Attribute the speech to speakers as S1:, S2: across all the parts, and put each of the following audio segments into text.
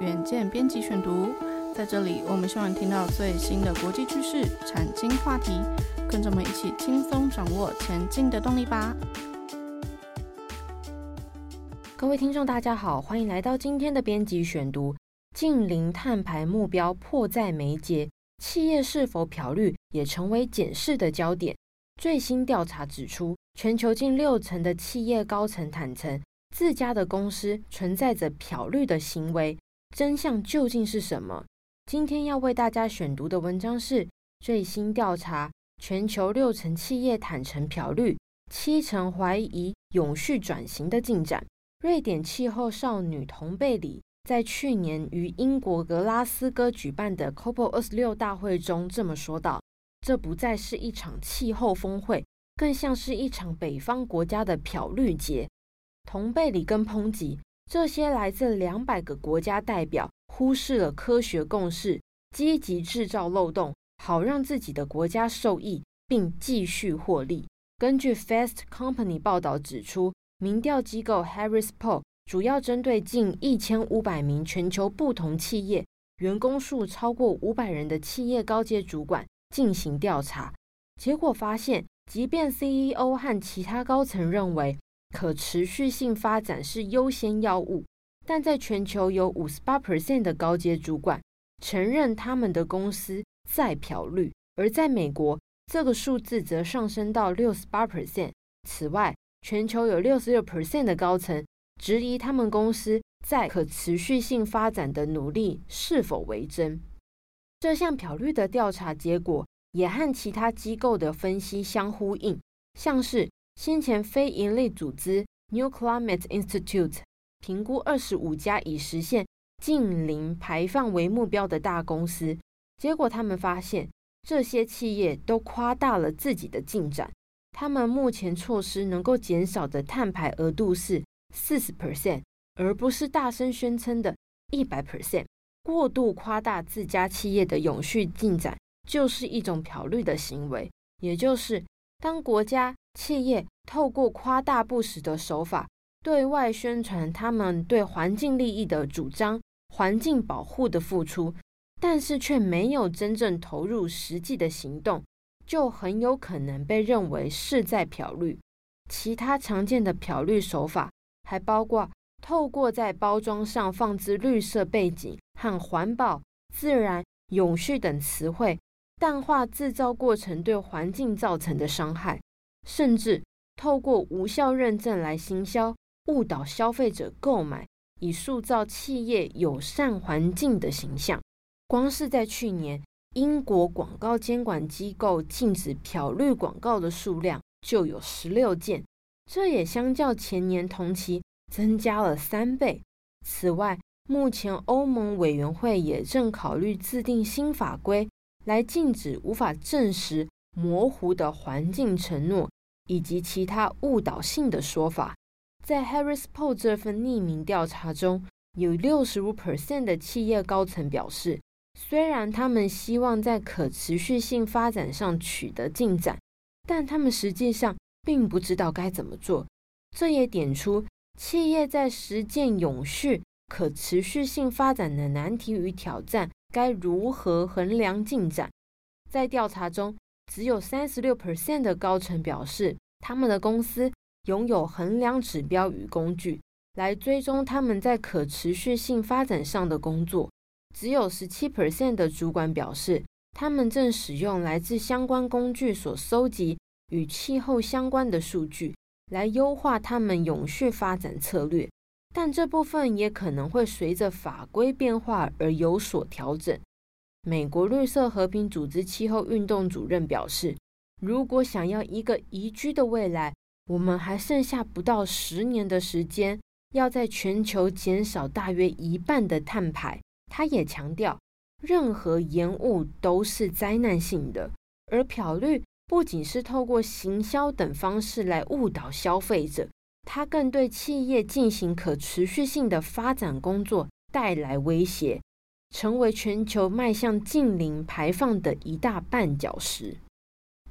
S1: 遠見編輯選讀，在這裡，我們希望聽到最新的國際趨勢、產經話題，跟着我們一起輕鬆掌握前進的動力吧。各位聽眾，大家好，歡迎來到今天的編輯選讀。淨零碳排目標迫在眉睫，企業是否漂綠也成為檢視的焦點。最新調查指出，全球近六成的企業高層坦承自家的公司存在着漂綠的行為。真相究竟是什麼？今天要為大家選讀的文章是《最新調查：全球六成企業坦承漂綠，七成懷疑永續轉型的進展》。瑞典氣候少女童貝裡在去年於英國格拉斯哥舉辦的 COP26 大會中這麼說道：“這不再是一場氣候峰會，更像是一場北方國家的漂綠節。”童貝裡跟抨擊。這些來自兩百個國家代表忽視了科學共識，積極制造漏洞，好讓自己的國家受益並繼續獲利。根據 Fast Company 報道指出，民調機構 Harris Poll 主要針對近一千五百名全球不同企業員工數超過五百人的企業高階主管進行調查，結果發現，即便 CEO 和其他高層認為，可持續性發展是優先要務，但在全球有五十八 percent 的高階主管承認他們的公司在漂綠，而在美國這個數字則上升到六十八 percent。此外，全球有六十六 percent 的高層質疑他們公司在可持續性發展的努力是否為真。這項漂綠的調查結果也和其他機構的分析相呼應，像是。先前非營利組織 New Climate Institute 評估二十五家以實現淨零排放為目標的大公司，結果他們發現這些企業都誇大了自己的進展。他們目前措施能夠減少的碳排額度是四十 percent，而不是大聲宣稱的一百 percent。過度誇大自家企業的永續進展，就是一種漂綠的行為，也就是當國家。企業透過誇大不實的手法對外宣傳他們對環境利益的主張、環境保護的付出，但是卻沒有真正投入實際的行動，就很有可能被認為是在漂綠。其他常見的漂綠手法還包括透過在包裝上放置綠色背景和環保、自然、永續等詞彙，淡化制造過程對環境造成的傷害。甚至透過無效認證來行銷，誤導消費者購買，以塑造企業友善環境的形象。光是在去年，英國廣告監管機構禁止漂綠廣告的數量就有十六件，這也相較前年同期增加了三倍。此外，目前歐盟委員會也正考慮制定新法規，來禁止無法證實模糊的環境承諾以及其他誤導性的說法，在 Harris Poll 這份匿名調查中，有65%的企業高層表示，雖然他們希望在可持續性發展上取得進展，但他們實際上並不知道該怎麼做。這也點出企業在實踐永續可持續性發展的難題與挑戰，該如何衡量進展？在調查中，只有三十六 percent 的高層表示，他們的公司擁有衡量指標與工具，來追蹤他們在可持續性發展上的工作。只有十七 percent 的主管表示，他們正使用來自相關工具所搜集與氣候相關的數據，來優化他們永續發展策略。但這部分也可能會隨着法規變化而有所調整。美國綠色和平組織氣候運動主任表示：“如果想要一個宜居的未來，我們還剩下不到十年的時間，要在全球減少大約一半的碳排。”他也強調，任何延誤都是災難性的。而漂綠不僅是透過行銷等方式來誤導消費者，它更對企業進行可持續性的發展工作帶來威脅。成為全球邁向淨零排放的一大絆腳石。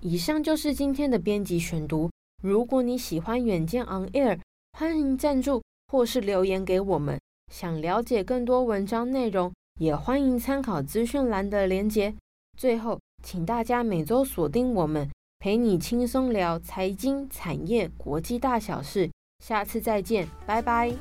S1: 以上就是今天的編輯選讀。如果你喜歡遠見 On Air，歡迎贊助或是留言給我們。想了解更多文章內容，也歡迎參考資訊欄的鏈接。最後，請大家每周鎖定我們，陪你輕鬆聊財經、產業、國際大小事。下次再見，拜拜。